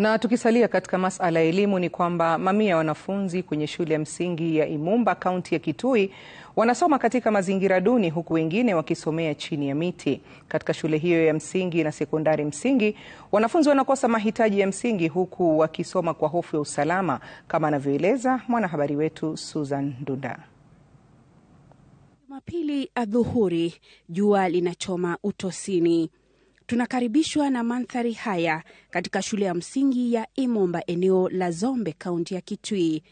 Na tukisalia katika masala ya elimu ni kwamba mamia ya wanafunzi kwenye shule ya msingi ya Imumba kaunti ya Kitui wanasoma katika mazingira duni huku wengine wakisomea chini ya miti. Katika shule hiyo ya msingi na sekondari msingi, wanafunzi wanakosa mahitaji ya msingi huku wakisoma kwa hofu ya usalama, kama anavyoeleza mwanahabari wetu Susan Ndunda. Jumapili adhuhuri, jua linachoma utosini Tunakaribishwa na mandhari haya katika shule ya msingi ya Imomba, eneo la Zombe, kaunti ya Kitui.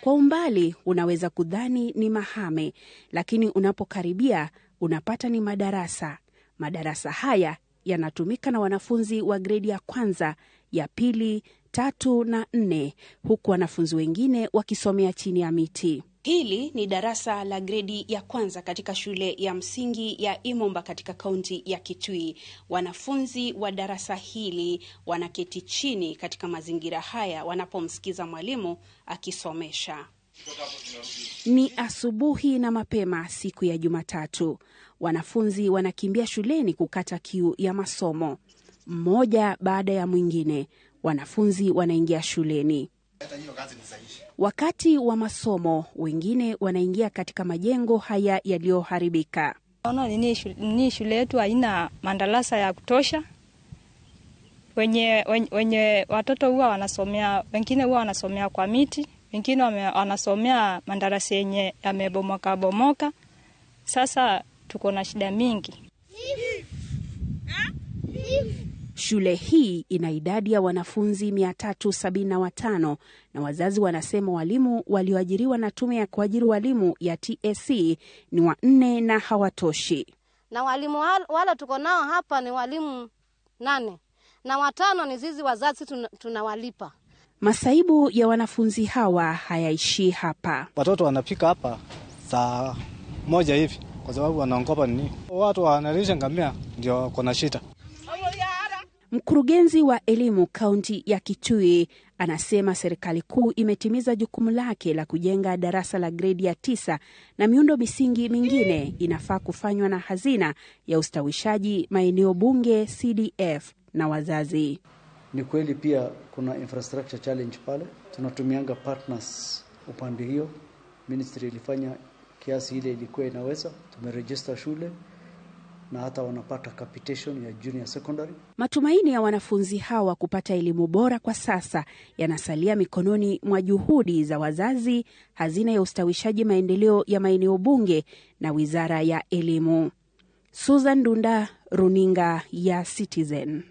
Kwa umbali unaweza kudhani ni mahame, lakini unapokaribia unapata ni madarasa. Madarasa haya yanatumika na wanafunzi wa gredi ya kwanza, ya pili, tatu na nne, huku wanafunzi wengine wakisomea chini ya miti. Hili ni darasa la gredi ya kwanza katika shule ya msingi ya Imomba katika kaunti ya Kitui. Wanafunzi wa darasa hili wanaketi chini katika mazingira haya wanapomsikiza mwalimu akisomesha. Ni asubuhi na mapema siku ya Jumatatu. Wanafunzi wanakimbia shuleni kukata kiu ya masomo. Mmoja baada ya mwingine, wanafunzi wanaingia shuleni. Wakati wa masomo wengine wanaingia katika majengo haya yaliyoharibika. Naona nini, shule yetu haina madarasa ya kutosha. Wenye, wenye watoto huwa wanasomea, wengine huwa wanasomea kwa miti, wengine wanasomea madarasa yenye yamebomoka bomoka. Sasa tuko na shida mingi. Shule hii ina idadi ya wanafunzi 375 na wazazi wanasema walimu walioajiriwa na tume ya kuajiri walimu ya TSC ni wanne na hawatoshi. Na walimu wale tuko nao hapa ni walimu nane na watano ni zizi wazazi tunawalipa. Masaibu ya wanafunzi hawa hayaishii hapa. Watoto wanapika hapa saa moja hivi, kwa sababu wanaongopa nini, watu wanalisha ngamia, ndio kuna shida. Mkurugenzi wa elimu kaunti ya Kitui anasema serikali kuu imetimiza jukumu lake la kujenga darasa la gredi ya tisa na miundo misingi mingine inafaa kufanywa na hazina ya ustawishaji maeneo bunge CDF na wazazi. Ni kweli pia kuna infrastructure challenge pale, tunatumianga partners upande hiyo. Ministry ilifanya kiasi ile ilikuwa inaweza, tumerejista shule na hata wanapata capitation ya junior secondary. Matumaini ya wanafunzi hawa kupata elimu bora kwa sasa yanasalia mikononi mwa juhudi za wazazi, hazina ya ustawishaji maendeleo ya maeneo bunge na wizara ya elimu. Susan Dunda, runinga ya Citizen.